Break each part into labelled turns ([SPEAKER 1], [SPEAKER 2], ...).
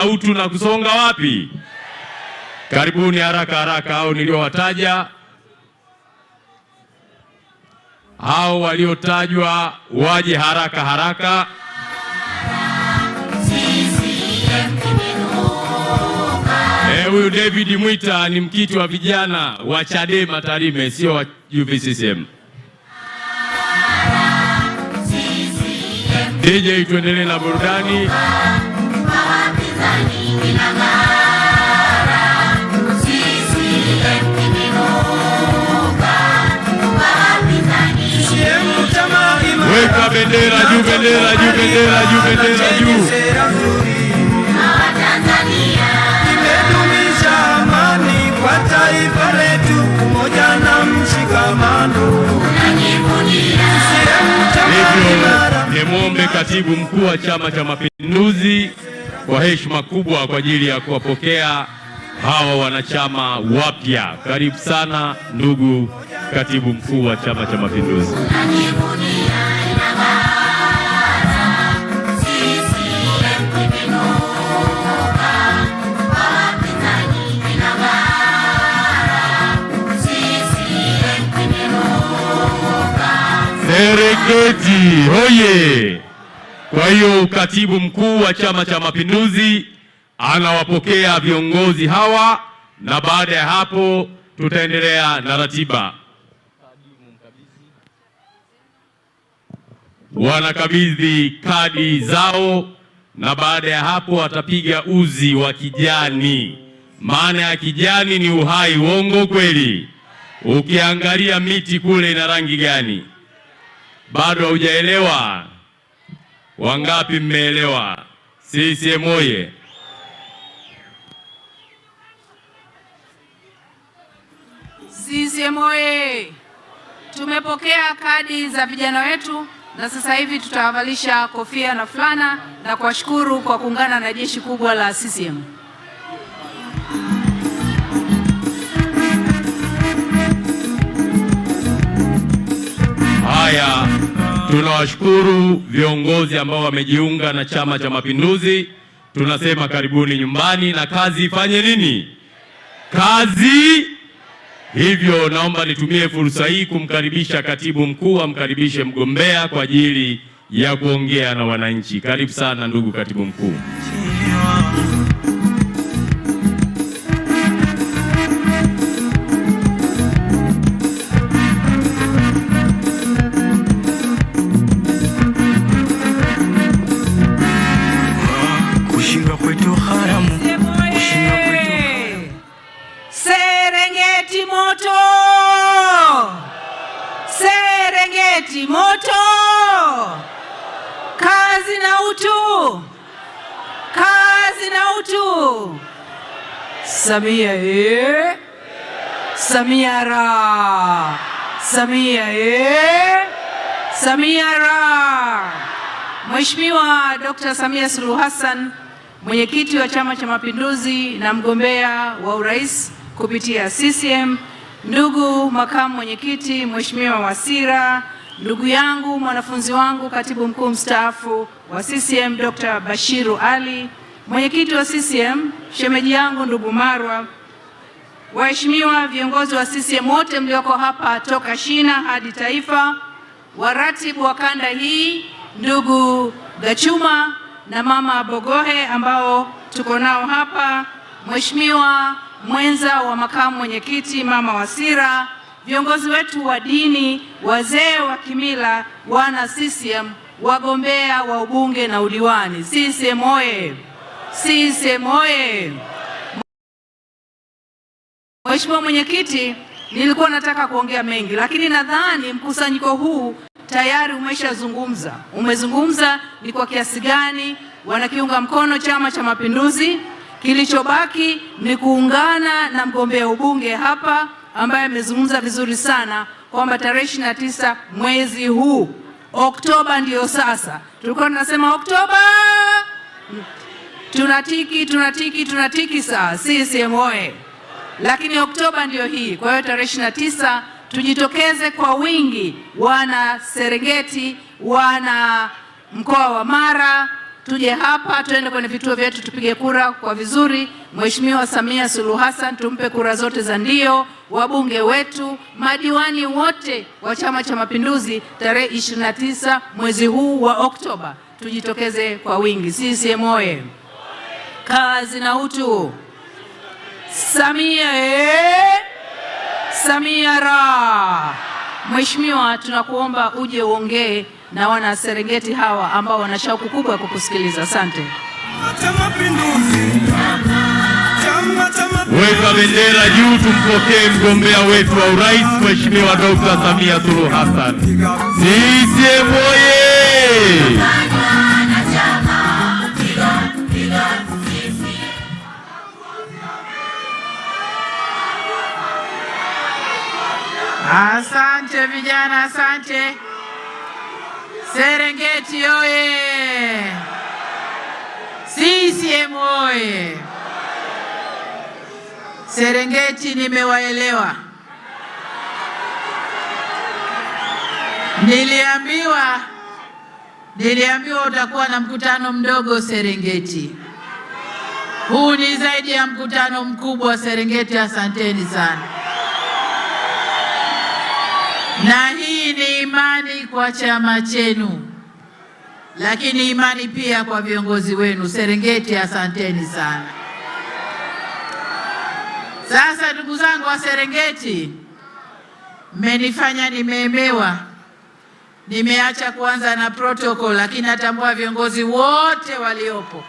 [SPEAKER 1] au tuna kusonga wapi? Karibuni haraka haraka, au niliowataja hao waliotajwa waje haraka haraka. Eh, huyu David Mwita ni mkiti wa vijana wa Chadema Tarime, sio wa UVCCM. DJ, tuendelee na burudani. bendera juu, bendera juu, bendera juu, bendera
[SPEAKER 2] juu.
[SPEAKER 1] nimwombe katibu mkuu wa Chama cha Mapinduzi kwa heshima kubwa kwa ajili ya kuwapokea hawa wanachama wapya. Karibu sana ndugu katibu mkuu wa Chama cha Mapinduzi. Serengeti hoye! Kwa hiyo katibu mkuu wa Chama cha Mapinduzi anawapokea viongozi hawa, na baada ya hapo tutaendelea na ratiba. Wanakabidhi kadi zao, na baada ya hapo watapiga uzi wa kijani. Maana ya kijani ni uhai. Uongo kweli? Ukiangalia miti kule ina rangi gani? bado haujaelewa? Wangapi mmeelewa? CCM oye!
[SPEAKER 3] CCM oye! Tumepokea kadi za vijana wetu na sasa hivi tutawavalisha kofia na fulana na kuwashukuru kwa kuungana na jeshi kubwa la CCM.
[SPEAKER 1] Haya, tunawashukuru viongozi ambao wamejiunga na Chama cha Mapinduzi. Tunasema karibuni nyumbani, na kazi ifanye nini? Kazi. Hivyo naomba nitumie fursa hii kumkaribisha katibu mkuu amkaribishe mgombea kwa ajili ya kuongea na wananchi. Karibu sana ndugu katibu mkuu.
[SPEAKER 3] Samia ye eh? Samia ra Samia ye eh? Samia ra. Mheshimiwa Dkt. Samia Suluhu Hassan, mwenyekiti wa Chama cha Mapinduzi na mgombea wa urais kupitia CCM, ndugu makamu mwenyekiti Mheshimiwa Wasira, ndugu yangu mwanafunzi wangu katibu mkuu mstaafu wa CCM Dr. Bashiru Ali Mwenyekiti wa CCM, shemeji yangu ndugu Marwa, waheshimiwa viongozi wa CCM wote mlioko hapa toka shina hadi taifa, waratibu wa kanda hii, ndugu Gachuma na mama Bogohe ambao tuko nao hapa, mheshimiwa mwenza wa makamu mwenyekiti mama Wasira, viongozi wetu wa dini, wazee wa kimila, wana CCM, wagombea wa ubunge na udiwani, CCM oye! CCM oye! Mheshimiwa Mwenyekiti, nilikuwa nataka kuongea mengi, lakini nadhani mkusanyiko huu tayari umeshazungumza, umezungumza ni kwa kiasi gani wanakiunga mkono Chama cha Mapinduzi. Kilichobaki ni kuungana na mgombea ubunge hapa ambaye amezungumza vizuri sana kwamba tarehe ishirini na tisa mwezi huu Oktoba, ndiyo sasa tulikuwa tunasema Oktoba tunatiki tunatiki tunatiki, saa CCM oye! Lakini Oktoba ndiyo hii. Kwa hiyo tarehe ishirini tisa tujitokeze kwa wingi, wana Serengeti, wana mkoa wa Mara, tuje hapa, tuende kwenye vituo vyetu, tupige kura kwa vizuri. Mheshimiwa Samia Suluhu Hassan tumpe kura zote za ndio, wabunge wetu, madiwani wote wa Chama cha Mapinduzi. Tarehe 29 mwezi huu wa Oktoba tujitokeze kwa wingi. CCM oye! kazi na utu. Samia eh! Samia ra! Mheshimiwa, tunakuomba uje uongee na wana Serengeti hawa ambao wana shauku kubwa ya kukusikiliza. Asante.
[SPEAKER 1] Weka bendera juu, tumpokee mgombea wetu wa urais Mheshimiwa Dr. Samia Suluhu Hassan. CCM eh, oye!
[SPEAKER 3] Asante vijana, asante. Serengeti oye! CCM oye! Serengeti nimewaelewa. Niliambiwa, niliambiwa utakuwa na mkutano mdogo Serengeti. Huu ni zaidi ya mkutano mkubwa Serengeti. Asanteni sana na hii ni imani kwa chama chenu, lakini imani pia kwa viongozi wenu Serengeti. Asanteni sana. Sasa ndugu zangu wa Serengeti, mmenifanya nimeemewa, nimeacha kuanza na protokol, lakini natambua viongozi wote waliopo,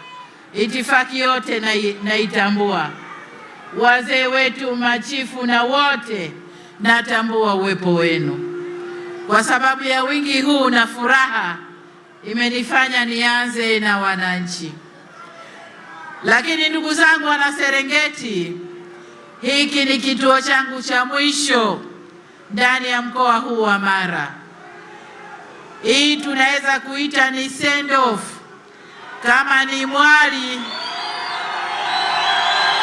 [SPEAKER 3] itifaki yote na naitambua, wazee wetu, machifu na wote natambua uwepo wenu. Kwa sababu ya wingi huu na furaha imenifanya nianze na wananchi. Lakini ndugu zangu wana Serengeti, hiki ni kituo changu cha mwisho ndani ya mkoa huu wa Mara. Hii tunaweza kuita ni send off, kama ni mwali,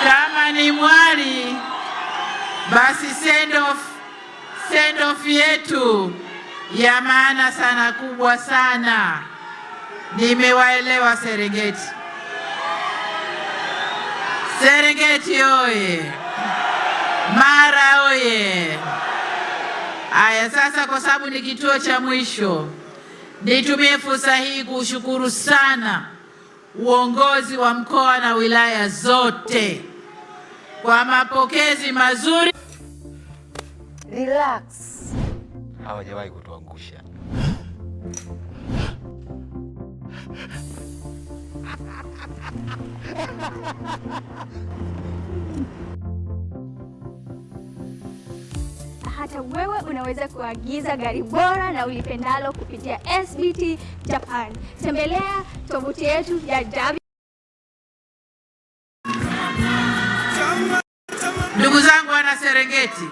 [SPEAKER 3] kama ni mwali basi send off off yetu ya maana sana, kubwa sana. Nimewaelewa Serengeti. Serengeti oye! Mara oye! Aya, sasa kwa sababu ni kituo cha mwisho, nitumie fursa hii kuushukuru sana uongozi wa mkoa na wilaya zote kwa mapokezi mazuri.
[SPEAKER 4] Relax.
[SPEAKER 1] Hawajawahi kutuangusha.
[SPEAKER 4] Hata wewe unaweza kuagiza gari bora na ulipendalo kupitia SBT Japan. Tembelea tovuti yetu ya w
[SPEAKER 3] Ndugu zangu wana Serengeti,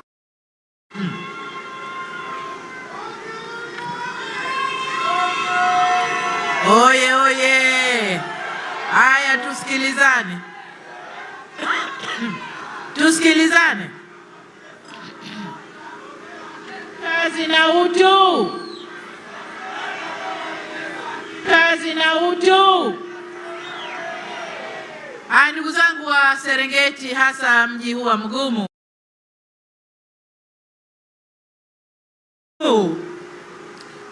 [SPEAKER 3] Oye oye! Haya, tusikilizane tusikilizane. Kazi na utu, kazi na utu. Aya, ndugu zangu wa Serengeti, hasa mji huu wa mgumu,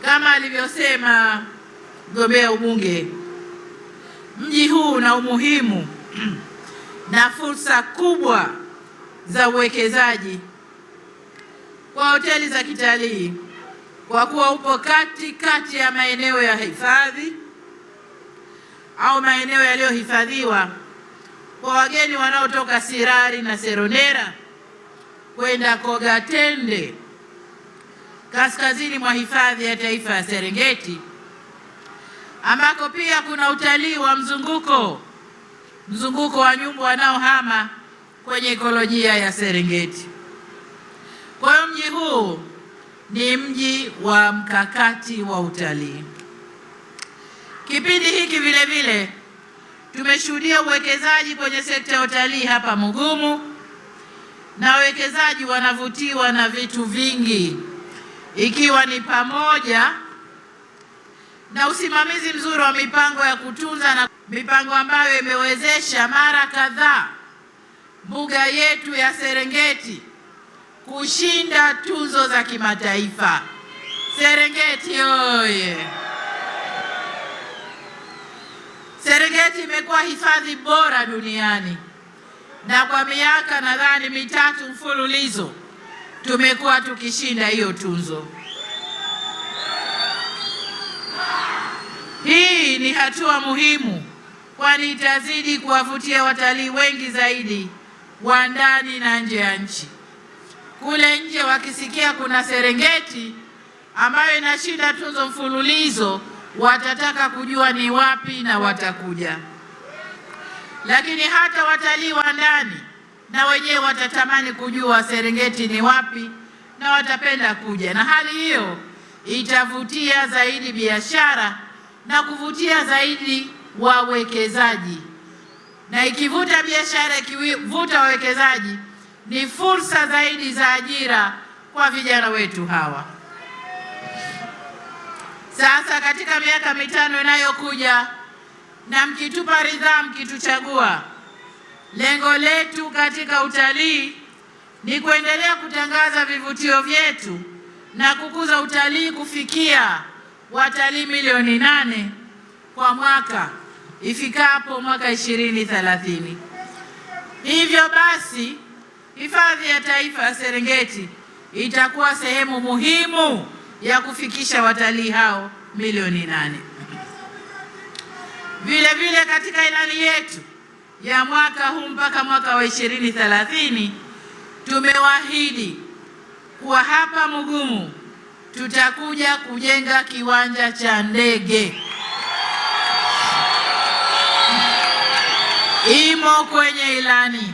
[SPEAKER 3] kama alivyosema mgombea ubunge. Mji huu una umuhimu na fursa kubwa za uwekezaji kwa hoteli za kitalii kwa kuwa upo kati kati ya maeneo ya hifadhi au maeneo yaliyohifadhiwa kwa wageni wanaotoka Sirari na Seronera kwenda Kogatende kaskazini mwa hifadhi ya taifa ya Serengeti ambako pia kuna utalii wa mzunguko, mzunguko wa nyumbu wanaohama kwenye ekolojia ya Serengeti. Kwa hiyo mji huu ni mji wa mkakati wa utalii. Kipindi hiki vile vile tumeshuhudia uwekezaji kwenye sekta ya utalii hapa Mugumu, na wawekezaji wanavutiwa na vitu vingi, ikiwa ni pamoja na usimamizi mzuri wa mipango ya kutunza na mipango ambayo imewezesha mara kadhaa mbuga yetu ya Serengeti kushinda tuzo za kimataifa. Serengeti oye! Serengeti imekuwa hifadhi bora duniani na kwa miaka nadhani mitatu mfululizo tumekuwa tukishinda hiyo tuzo. Hii ni hatua muhimu, kwani itazidi kuwavutia watalii wengi zaidi wa ndani na nje ya nchi. Kule nje wakisikia kuna Serengeti ambayo inashinda tuzo mfululizo, watataka kujua ni wapi na watakuja. Lakini hata watalii wa ndani na wenyewe watatamani kujua Serengeti ni wapi na watapenda kuja, na hali hiyo itavutia zaidi biashara na kuvutia zaidi wawekezaji, na ikivuta biashara, ikivuta wawekezaji, ni fursa zaidi za ajira kwa vijana wetu hawa. Sasa katika miaka mitano inayokuja, na mkitupa ridhaa, mkituchagua, lengo letu katika utalii ni kuendelea kutangaza vivutio vyetu na kukuza utalii kufikia watalii milioni nane kwa mwaka ifikapo mwaka ishirini thelathini. Hivyo basi hifadhi ya taifa ya Serengeti itakuwa sehemu muhimu ya kufikisha watalii hao milioni nane. Vile vile katika ilani yetu ya mwaka huu mpaka mwaka wa ishirini thelathini tumewaahidi kuwa hapa Mugumu tutakuja kujenga kiwanja cha ndege imo kwenye ilani.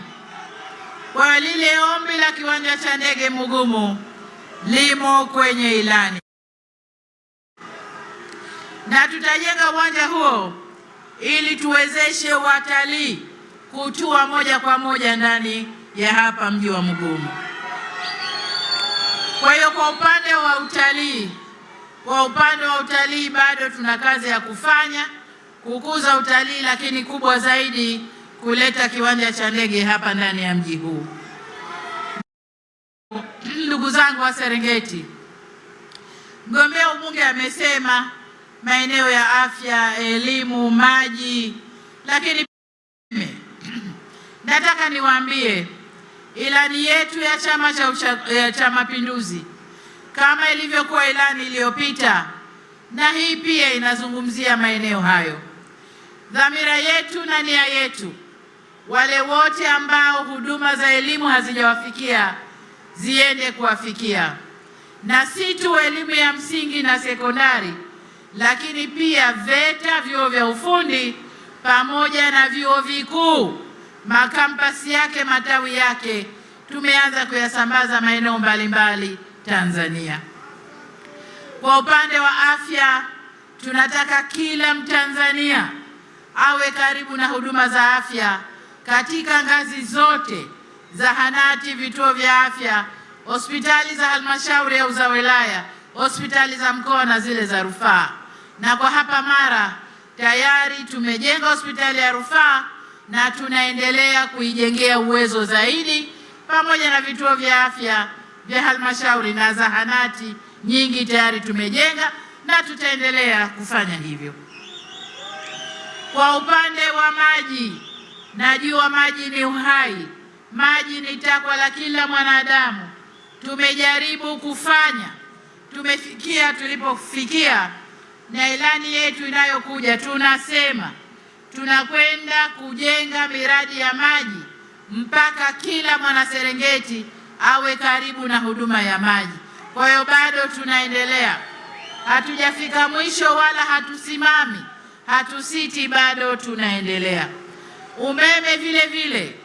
[SPEAKER 3] Kwa lile ombi la kiwanja cha ndege Mugumu limo kwenye ilani, na tutajenga uwanja huo ili tuwezeshe watalii kutua moja kwa moja ndani ya hapa mji wa Mugumu. Kwa hiyo kwa upande wa utalii, kwa upande wa utalii bado tuna kazi ya kufanya kukuza utalii, lakini kubwa zaidi kuleta kiwanja cha ndege hapa ndani ya mji huu. Ndugu zangu wa Serengeti, mgombea ubunge amesema maeneo ya afya, elimu, maji, lakini nataka niwaambie Ilani yetu ya Chama cha Mapinduzi kama ilivyokuwa ilani iliyopita na hii pia inazungumzia maeneo hayo. Dhamira yetu na nia yetu, wale wote ambao huduma za elimu hazijawafikia ziende kuwafikia, na si tu elimu ya msingi na sekondari, lakini pia VETA, vyuo vya ufundi pamoja na vyuo vikuu makampasi yake matawi yake tumeanza kuyasambaza maeneo mbalimbali Tanzania. Kwa upande wa afya, tunataka kila Mtanzania awe karibu na huduma za afya katika ngazi zote, zahanati, vituo vya afya, hospitali za halmashauri au za wilaya, hospitali za mkoa na zile za rufaa. Na kwa hapa Mara tayari tumejenga hospitali ya rufaa na tunaendelea kuijengea uwezo zaidi, pamoja na vituo vya afya vya halmashauri na zahanati nyingi tayari tumejenga na tutaendelea kufanya hivyo. Kwa upande wa maji, najua maji ni uhai, maji ni takwa la kila mwanadamu. Tumejaribu kufanya, tumefikia tulipofikia, na ilani yetu inayokuja tunasema tunakwenda kujenga miradi ya maji mpaka kila mwanaserengeti awe karibu na huduma ya maji. Kwa hiyo bado tunaendelea, hatujafika mwisho wala hatusimami, hatusiti, bado tunaendelea. Umeme vile vile,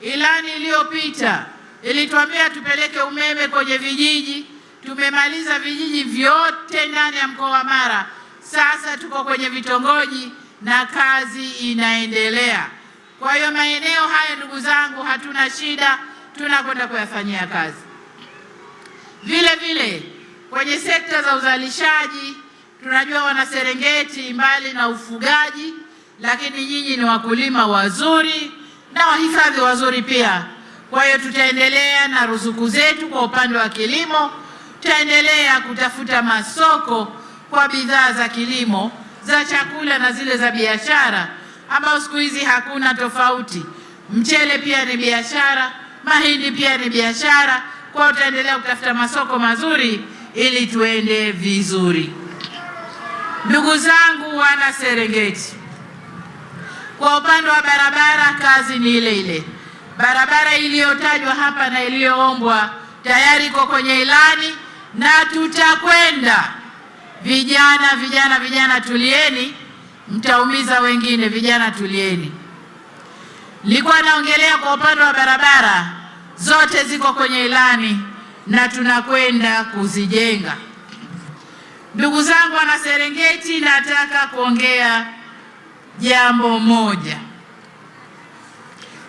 [SPEAKER 3] ilani iliyopita ilituambia tupeleke umeme kwenye vijiji. Tumemaliza vijiji vyote ndani ya mkoa wa Mara, sasa tuko kwenye vitongoji na kazi inaendelea. Kwa hiyo maeneo haya ndugu zangu, hatuna shida, tunakwenda kuyafanyia kazi. Vile vile kwenye sekta za uzalishaji, tunajua wana serengeti mbali na ufugaji, lakini nyinyi ni wakulima wazuri na wahifadhi wazuri pia. Kwa hiyo tutaendelea na ruzuku zetu kwa upande wa kilimo, tutaendelea kutafuta masoko kwa bidhaa za kilimo za chakula na zile za biashara, ambao siku hizi hakuna tofauti. Mchele pia ni biashara, mahindi pia ni biashara. Kwa utaendelea kutafuta masoko mazuri ili tuende vizuri. Ndugu zangu wana Serengeti, kwa upande wa barabara kazi ni ile ile. Barabara iliyotajwa hapa na iliyoombwa tayari iko kwenye ilani na tutakwenda Vijana, vijana, vijana, tulieni, mtaumiza wengine. Vijana tulieni. Nilikuwa naongelea kwa upande wa barabara, zote ziko kwenye ilani na tunakwenda kuzijenga. Ndugu zangu wana Serengeti, nataka kuongea jambo moja,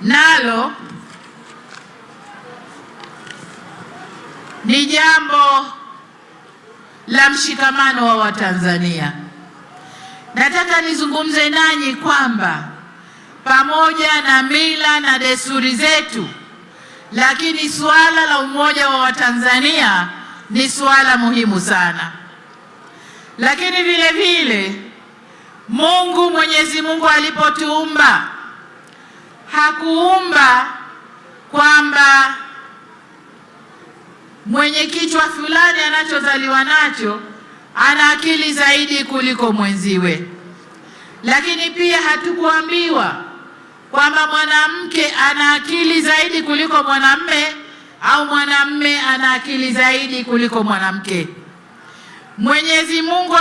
[SPEAKER 3] nalo ni jambo la mshikamano wa Watanzania. Nataka nizungumze nanyi kwamba pamoja na mila na desturi zetu, lakini suala la umoja wa Watanzania ni suala muhimu sana. Lakini vile vile Mungu Mwenyezi Mungu alipotuumba hakuumba kwamba mwenye kichwa fulani anachozaliwa nacho ana akili zaidi kuliko mwenziwe. Lakini pia hatukuambiwa kwamba mwanamke ana akili zaidi kuliko mwanamme au mwanamme ana akili zaidi kuliko mwanamke. Mwenyezi Mungu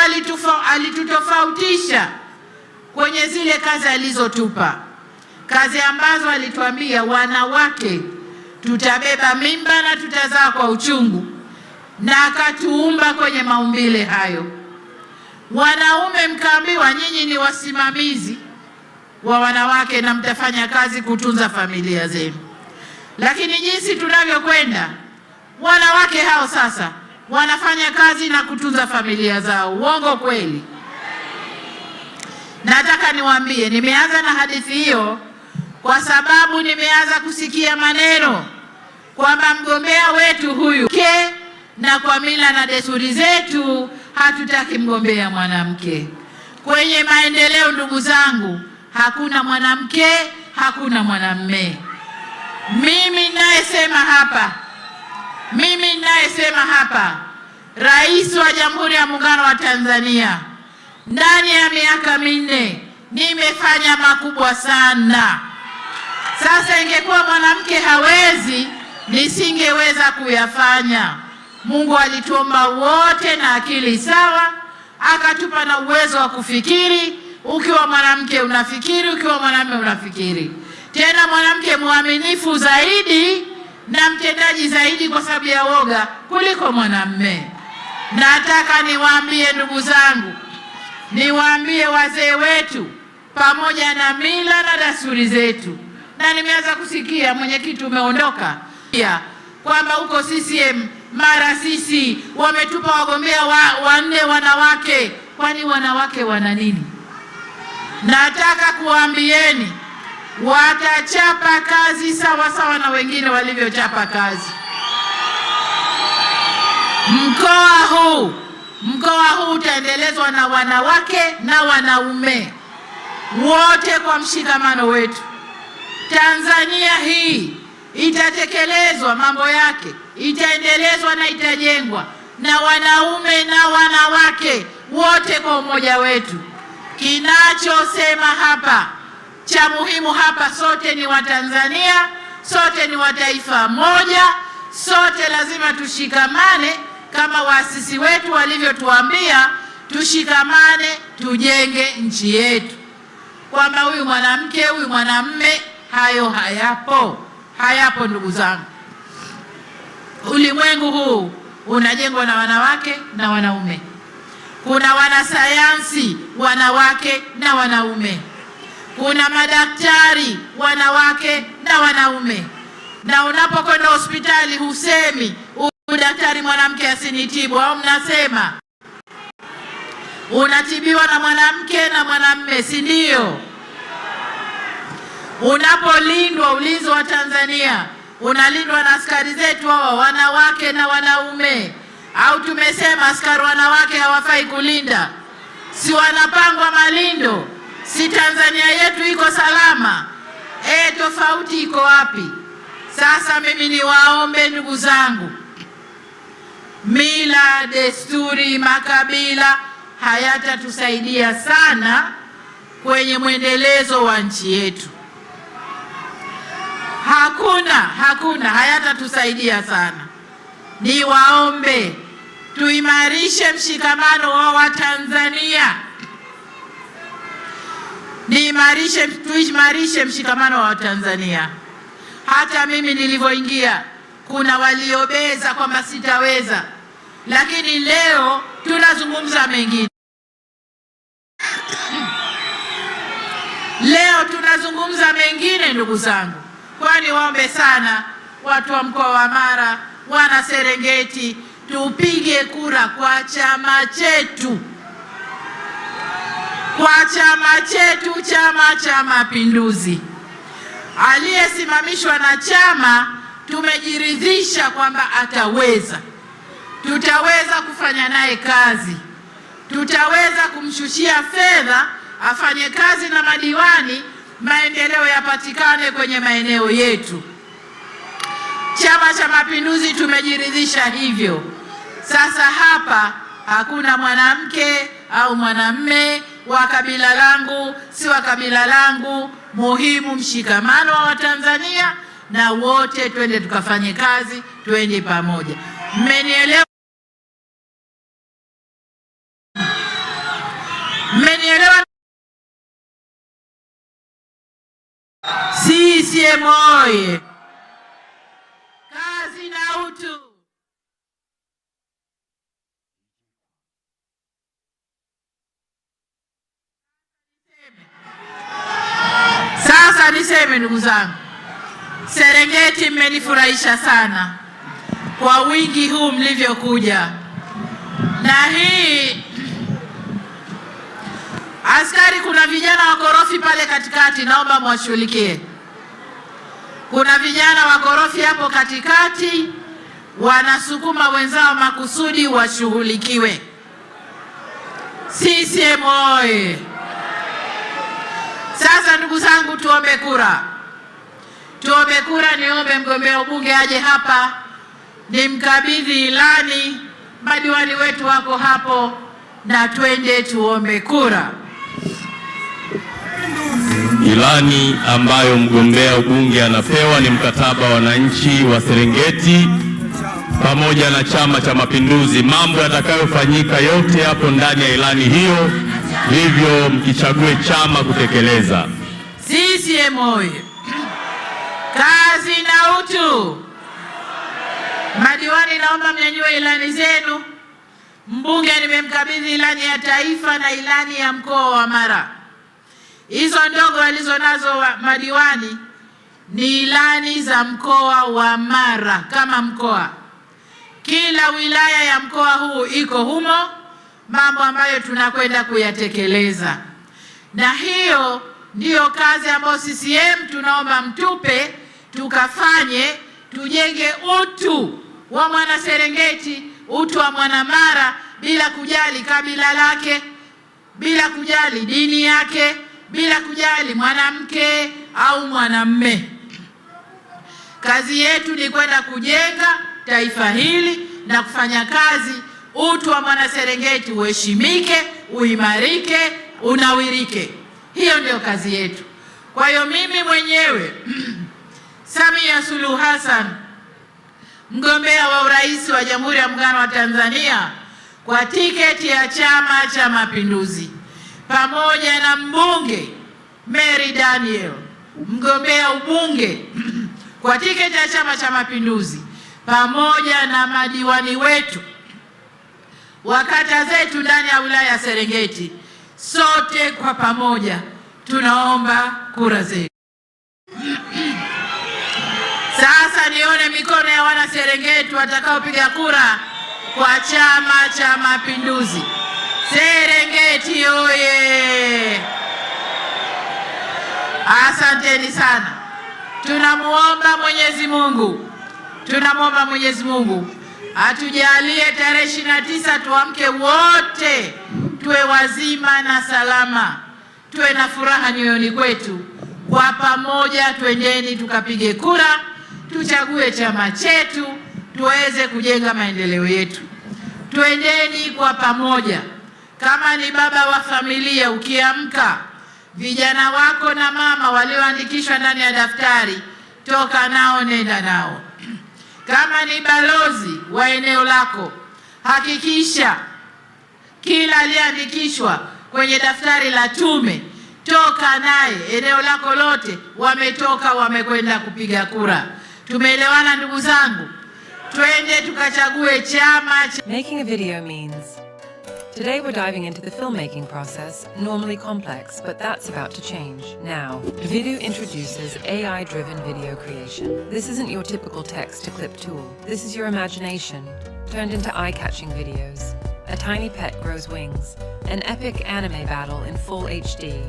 [SPEAKER 3] alitutofautisha kwenye zile kazi alizotupa, kazi ambazo alituambia wanawake tutabeba mimba na tutazaa kwa uchungu, na akatuumba kwenye maumbile hayo. Wanaume mkaambiwa nyinyi ni wasimamizi wa wanawake na mtafanya kazi kutunza familia zenu, lakini jinsi tunavyokwenda, wanawake hao sasa wanafanya kazi na kutunza familia zao. Uongo kweli? Nataka niwaambie, nimeanza na hadithi hiyo kwa sababu nimeanza kusikia maneno kwamba mgombea wetu huyu ke na kwa mila na desturi zetu hatutaki mgombea mwanamke kwenye maendeleo. Ndugu zangu, hakuna mwanamke, hakuna mwanamme. Mimi ninayesema hapa, mimi ninayesema hapa, Rais wa Jamhuri ya Muungano wa Tanzania ndani ya miaka minne nimefanya makubwa sana. Sasa ingekuwa mwanamke hawezi nisingeweza kuyafanya. Mungu alituomba wote na akili sawa, akatupa na uwezo wa kufikiri. Ukiwa mwanamke unafikiri, ukiwa mwanamume unafikiri. Tena mwanamke mwaminifu zaidi na mtendaji zaidi kwa sababu ya woga kuliko mwanamume. Nataka niwaambie ndugu zangu, niwaambie wazee wetu, pamoja na mila na dasturi zetu, na nimeanza kusikia mwenyekiti umeondoka mpya kwamba huko CCM mara sisi wametupa wagombea wa, wanne wanawake. Kwani wanawake wana nini? Nataka kuambieni watachapa kazi sawa sawa na wengine walivyochapa kazi. Mkoa huu mkoa huu utaendelezwa na wanawake na wanaume wote kwa mshikamano wetu. Tanzania hii itatekelezwa mambo yake, itaendelezwa na itajengwa na wanaume na wanawake wote kwa umoja wetu. Kinachosema hapa cha muhimu hapa, sote ni Watanzania, sote ni wa taifa moja, sote lazima tushikamane kama waasisi wetu walivyotuambia, tushikamane tujenge nchi yetu, kwamba huyu mwanamke, huyu mwanamme, hayo hayapo hayapo ndugu zangu. Ulimwengu huu unajengwa na wanawake na wanaume. Kuna wanasayansi wanawake na wanaume, kuna madaktari wanawake na wanaume. Na unapokwenda hospitali husemi daktari mwanamke asinitibu, au mnasema? Unatibiwa na mwanamke na mwanamme, si ndio? Unapolindwa ulinzi wa Tanzania unalindwa na askari zetu hawa wanawake na wanaume, au tumesema askari wanawake hawafai kulinda? Si wanapangwa malindo? Si Tanzania yetu iko salama? E, tofauti iko wapi? Sasa mimi niwaombe ndugu zangu, mila, desturi, makabila hayatatusaidia sana kwenye mwendelezo wa nchi yetu hakuna hakuna, hayatatusaidia sana. Niwaombe tuimarishe mshikamano wa Watanzania, niimarishe, tuimarishe mshikamano wa Watanzania. Hata mimi nilivyoingia, kuna waliobeza kwamba sitaweza, lakini leo tunazungumza mengine leo tunazungumza mengine, ndugu zangu kwani waombe sana watu wa mkoa wa Mara, wana Serengeti, tupige kura kwa chama chetu, kwa chama chetu, Chama cha Mapinduzi. Aliyesimamishwa na chama tumejiridhisha kwamba ataweza, tutaweza kufanya naye kazi, tutaweza kumshushia fedha afanye kazi na madiwani maendeleo yapatikane kwenye maeneo yetu. Chama cha Mapinduzi tumejiridhisha hivyo. Sasa hapa hakuna mwanamke au mwanamme wa kabila langu, si wa kabila langu. Muhimu mshikamano wa Watanzania, na wote twende tukafanye kazi, twende pamoja. Mmenielewa? CCM oye! Kazi na utu. Sasa niseme ndugu zangu, Serengeti mmenifurahisha sana kwa wingi huu mlivyokuja, na hii askari, kuna vijana wakorofi pale katikati, naomba mwashughulikie. Kuna vijana wakorofi hapo katikati wanasukuma wenzao makusudi washughulikiwe. CCM oye! Sasa ndugu zangu, tuombe kura, tuombe kura. Niombe mgombea ubunge aje hapa nimkabidhi ilani, madiwani wetu wako hapo, na twende tuombe kura.
[SPEAKER 1] Ilani ambayo mgombea ubunge anapewa ni mkataba wa wananchi wa Serengeti pamoja na Chama cha Mapinduzi. Mambo yatakayofanyika yote hapo ndani ya ilani hiyo, hivyo mkichague chama kutekeleza.
[SPEAKER 3] CCM oyee! Kazi na utu. Madiwani, naomba mnyanyue ilani zenu. Mbunge nimemkabidhi ilani ya taifa na ilani ya mkoa wa Mara. Hizo ndogo walizo nazo wa madiwani ni ilani za mkoa wa Mara kama mkoa. Kila wilaya ya mkoa huu iko humo, mambo ambayo tunakwenda kuyatekeleza, na hiyo ndiyo kazi ambayo CCM tunaomba mtupe tukafanye, tujenge utu wa mwana Serengeti, utu wa mwana Mara, bila kujali kabila lake, bila kujali dini yake bila kujali mwanamke au mwanamme. Kazi yetu ni kwenda kujenga taifa hili na kufanya kazi utu wa mwana Serengeti uheshimike, uimarike, unawirike. Hiyo ndio kazi yetu. Kwa hiyo mimi mwenyewe Samia Suluhu Hassan, mgombea wa urais wa Jamhuri ya Muungano wa Tanzania kwa tiketi ya Chama cha Mapinduzi pamoja na mbunge Mary Daniel mgombea ubunge kwa tiketi ya Chama cha Mapinduzi pamoja na madiwani wetu wa kata zetu ndani ya wilaya ya Serengeti, sote kwa pamoja tunaomba kura zetu. Sasa nione mikono ya wana Serengeti watakaopiga kura kwa Chama cha Mapinduzi. Serengeti oye! Asanteni sana. Tunamuomba Mwenyezi Mungu, tunamuomba Mwenyezi Mungu atujalie tarehe ishirini na tisa tuamke wote, tuwe wazima na salama, tuwe na furaha nyoyoni kwetu. Kwa pamoja, twendeni tukapige kura, tuchague chama chetu, tuweze kujenga maendeleo yetu. Twendeni kwa pamoja. Kama ni baba wa familia, ukiamka vijana wako na mama walioandikishwa ndani ya daftari, toka nao, nenda nao. Kama ni balozi wa eneo lako, hakikisha kila aliyeandikishwa kwenye daftari la tume, toka naye eneo lako lote, wametoka wamekwenda kupiga kura. Tumeelewana ndugu zangu? Twende tukachague chama cha... Making a video means Today we're diving into the filmmaking process, normally complex, but that's about to change. Now, Vidu introduces AI-driven video creation. This isn't your typical text-to-clip tool. This is your imagination, turned into eye-catching videos. A tiny pet grows wings, an epic anime battle in full HD.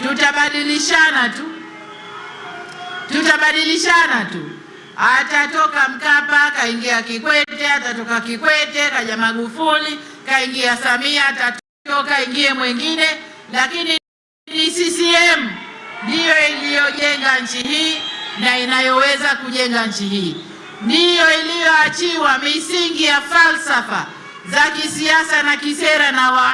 [SPEAKER 3] Tutabadilishana tu. Tutabadilishana tu. Atatoka Mkapa kaingia Kikwete, atatoka Kikwete kaja Magufuli, kaingia Samia, atatoka ingie mwingine, lakini ni CCM ndiyo iliyojenga nchi hii na inayoweza kujenga nchi hii, ndiyo iliyoachiwa misingi ya falsafa za kisiasa na kisera na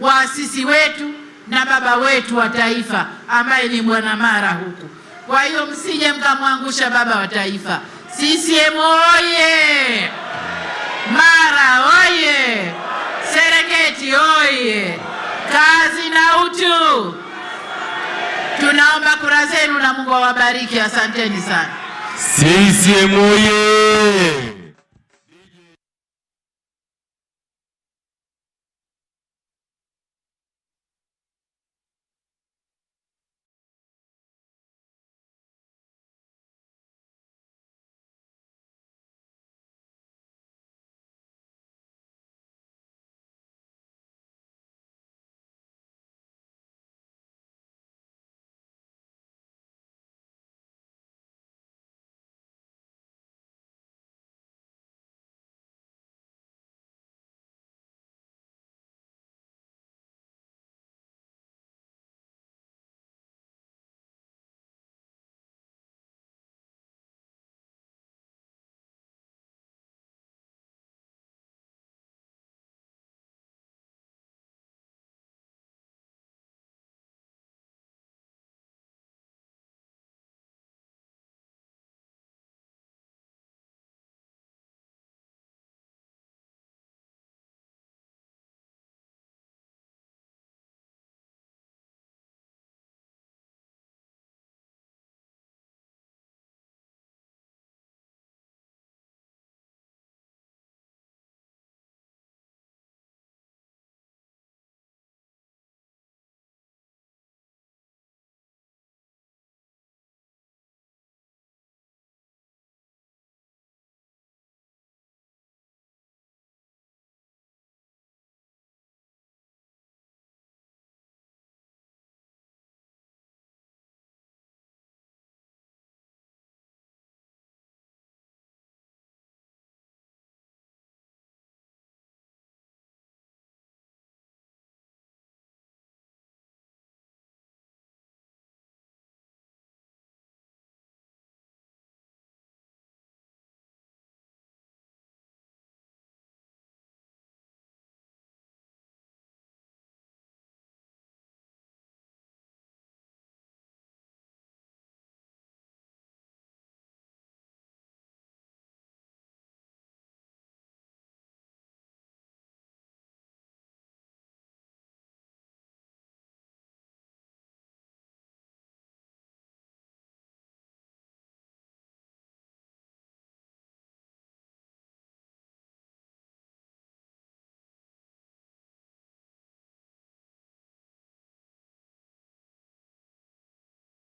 [SPEAKER 3] waasisi wetu na baba wetu wa taifa ambaye ni Bwana Mara huku kwa hiyo msije mkamwangusha baba wa taifa. CCM oye! Mara oye! Serengeti oye! Kazi na utu. Tunaomba kura zenu na Mungu awabariki. Asanteni sana. CCM oye!